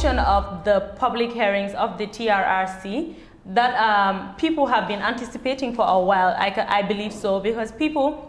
conclusion of the public hearings of the TRRC that um, people have been anticipating for a while. I, I believe so because people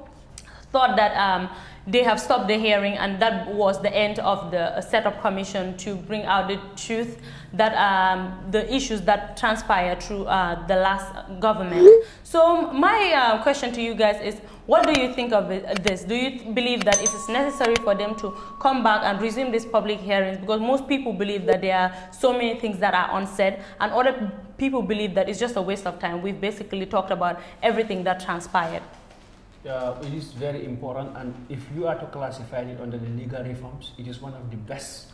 thought that um, they have stopped the hearing and that was the end of the uh, setup commission to bring out the truth that um, the issues that transpired through uh, the last government. So my uh, question to you guys is, what do you think of this? Do you th believe that it is necessary for them to come back and resume these public hearings? Because most people believe that there are so many things that are unsaid and other people believe that it's just a waste of time. We've basically talked about everything that transpired uh, it is very important, and if you are to classify it under the legal reforms, it is one of the best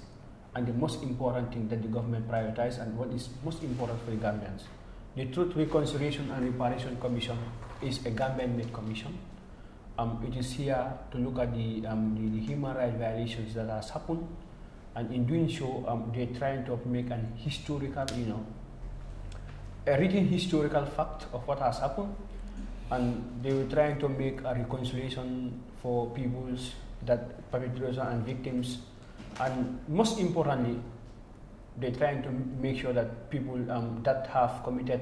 and the most important thing that the government prioritizes and what is most important for the Gambians. The Truth, Reconciliation and Reparation Commission is a Gambian-made commission. Um, it is here to look at the, um, the, the, human rights violations that has happened, and in doing so, um, they're trying to make an historical, you know, a written historical fact of what has happened, and they were trying to make a reconciliation for peoples that perpetrators and victims and most importantly they're trying to make sure that people um, that have committed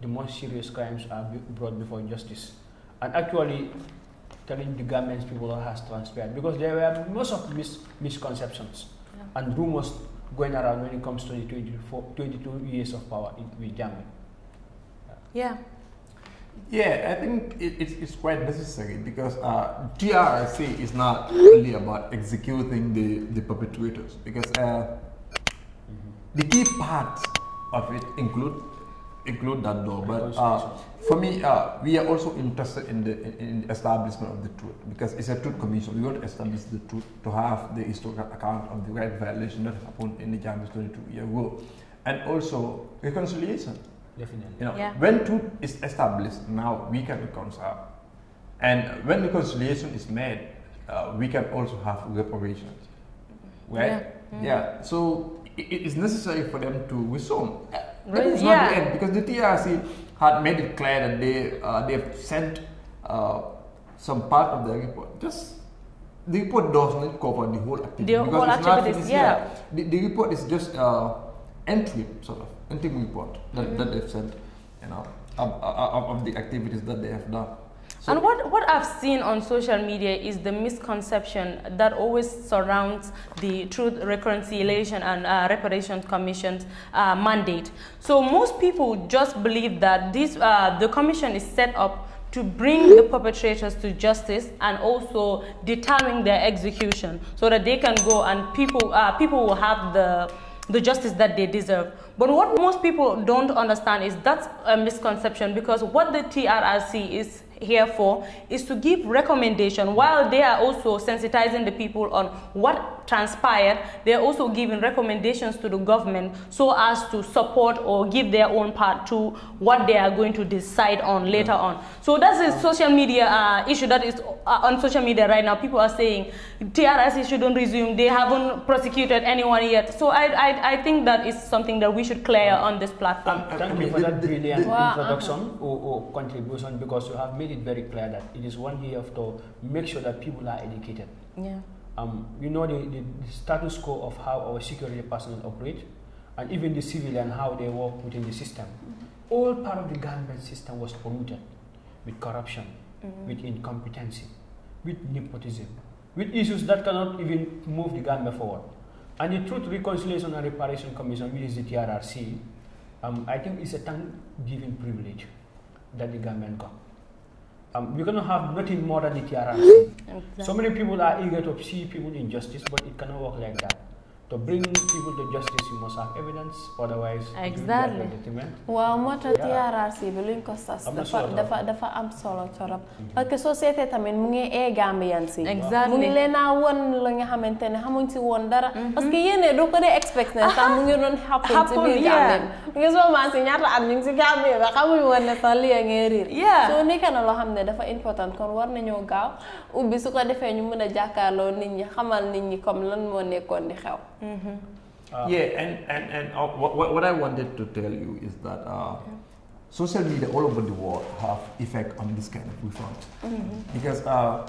the most serious crimes are brought before justice and actually telling the government people what has transpired because there were most of mis misconceptions yeah. and rumors going around when it comes to the 22 years of power in, with Yeah. yeah. Yeah, I think it, it's, it's, quite necessary because uh, DRC is not really about executing the, the perpetrators because uh, the key parts of it include include that door. But uh, for me, uh, we are also interested in the in establishment of the truth because it's a truth commission. We want to establish the truth to have the historical account of the right violation that happened in the Jambis 22 year ago, and also reconciliation Definitely. You know, yeah. when truth is established, now we can reconcile. And when reconciliation is made, uh, we can also have reparations. right? Yeah. Mm. yeah. So it is necessary for them to resume. That uh, is yeah. not the end because the TRC had made it clear that they uh, they have sent uh, some part of the report. Just the report does not cover the whole activity the because whole activity, Yeah. The, the report is just uh, entry sort of. Anything we want that, mm. that they've said, you know, of, of, of the activities that they have done. So and what, what I've seen on social media is the misconception that always surrounds the Truth, Reconciliation and uh, Reparation Commission's uh, mandate. So most people just believe that this, uh, the commission is set up to bring the perpetrators to justice and also determine their execution so that they can go and people, uh, people will have the the justice that they deserve. But what most people don't understand is that's a uh, misconception because what the TRRC is here for is to give recommendation while they are also sensitizing the people on what transpired they're also giving recommendations to the government so as to support or give their own part to what they are going to decide on later yeah. on so that's a social media uh, issue that is uh, on social media right now people are saying TRS shouldn't resume they haven't prosecuted anyone yet so I, I, I think that is something that we should clear on this platform thank you for that brilliant introduction uh -huh. or, or contribution because you have made it very clear that it is one year to make sure that people are educated. Yeah. Um, you know the, the, the status quo of how our security personnel operate, and even the civilian how they work within the system. Mm -hmm. All part of the government system was polluted with corruption, mm -hmm. with incompetency, with nepotism, with issues that cannot even move the government forward. And the Truth, Reconciliation and Reparation Commission, which is the TRRC, um, I think it's a thank-giving privilege that the government got um, we're going to have nothing more than the TRRC. Exactly. So many people are eager to see people in justice, but it cannot work like that. to bring people to justice you must have evidence otherwise. exactly waaw moo tax TRRC bi luñ ko sas. dafa dafa am solo torop. Mhm. parce que soo société tamit mu ngi ee Gambian si. exactly mu ngi leen a won la nga xamante ne xamuñ si woon dara. Mhm. parce que yéen a doo ko dee expect ne sax mu ngi doon happen si biir Gambie si ñaata at ñu ngi si Gambie ba xamuñ woon ne sax lii a ngee riir. soo nekk na loo xam ne dafa important kon war nañoo gaaw ubbi su ko defee ñu mën a jàkkaarloo nit ñi xamal nit ñi comme lan moo nekkoon di xew. Mm-hmm. Um, yeah, and, and, and uh, what, what I wanted to tell you is that uh, yeah. social media all over the world have effect on this kind of reform mm-hmm. because uh,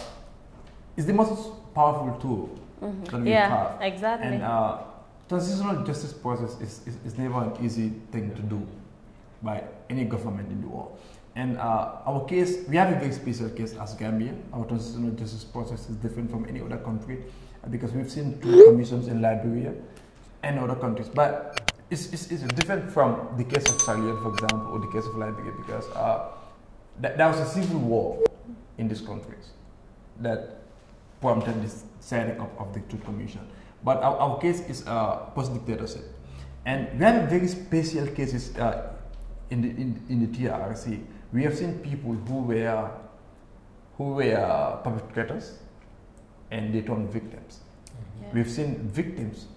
it's the most powerful tool mm-hmm. that we yeah, have. exactly. And uh, transitional justice process is, is, is, never an easy thing to do by any government in the world. And uh, our case, we have a very special case as Gambia. Our transitional justice process is different from any other country because we've seen two commissions in Liberia and other countries. But it's, it's, it's different from the case of Sierra for example, or the case of Liberia, because uh, that, that was a civil war in these countries that prompted the setting up of the two commissions. But our, our, case is uh, post-dictatorship. And we have very special cases uh, in, the, in, in the TRC. We have seen people who were, who were perpetrators, and they turn victims. Yeah. We've seen victims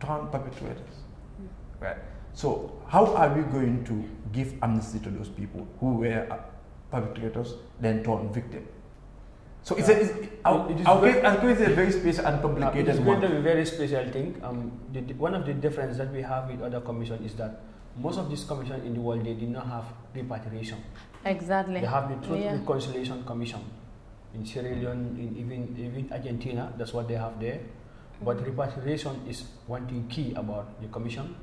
turn perpetrators. Yeah. Mm. Right? So, how are we going to give amnesty to those people who were uh, perpetrators then turn victim? So yeah. it's a, it's, it, it is our very, our a very special and complicated uh, it's one. It's a very special thing. Um, the, one of the difference that we have with other commission is that most of these commission in the world, they did not have repatriation. Exactly. They have the Truth yeah. Reconciliation Commission in Sierra Leone, in even even Argentina. That's what they have there. But mm-hmm. repatriation is one thing key about the commission,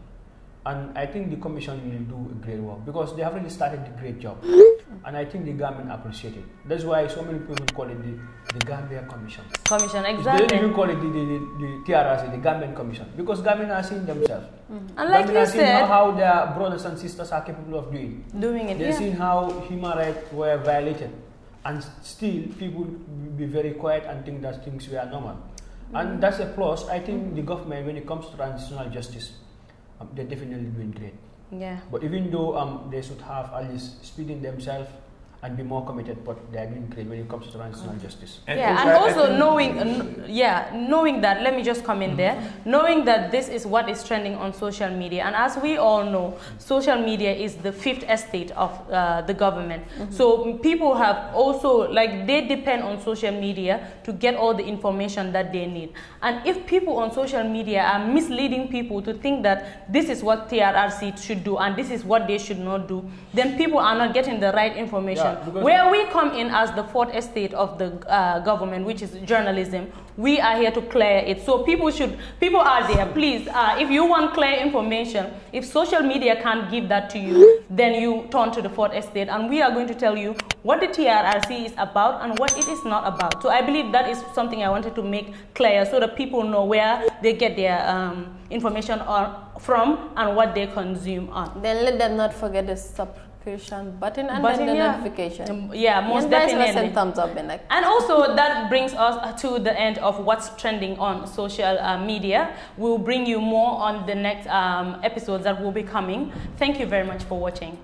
and I think the commission will do a great work because they have already started a great job, mm-hmm. and I think the government appreciate it. That's why so many people call it the, the Gambia Commission. Commission, exactly. They even call it the the, the, the TRC, the Gambian Commission, because government are seeing themselves. Mm-hmm. And like Gambian you said, how, how their brothers and sisters are capable of doing. Doing it. They're yeah. seeing how human rights were violated and still people be very quiet and think that things were normal. Mm. And that's a plus. I think the government, when it comes to transitional justice, um, they're definitely doing great. Yeah. But even though um, they should have at least speeding themselves and be more committed. But they have been great when it comes to transitional justice. And yeah, and also knowing, uh, yeah, knowing that. Let me just come in mm -hmm. there. Mm-hmm. Knowing that this is what is trending on social media, and as we all know, mm-hmm. social media is the fifth estate of uh, the government. Mm -hmm. So people have also like they depend on social media to get all the information that they need. And if people on social media are misleading people to think that this is what TRRC should do and this is what they should not do, then people are not getting the right information. Yeah. Because Where we come in as the fourth estate of the uh, government, which is journalism, we are here to clear it. So people should, people are there. Please, uh, if you want clear information, if social media can't give that to you, then you turn to the fourth estate, and we are going to tell you what the TRRC is about and what it is not about. So I believe that is something I wanted to make clear so that people know where they get their um, information or, from and what they consume on. Then let them not forget to sub Persian button and button, then the yeah. notification. Um, yeah, most yes, definitely. Thumbs up and also that brings us to the end of what's trending on social uh, media. We'll bring you more on the next um, episodes that will be coming. Thank you very much for watching.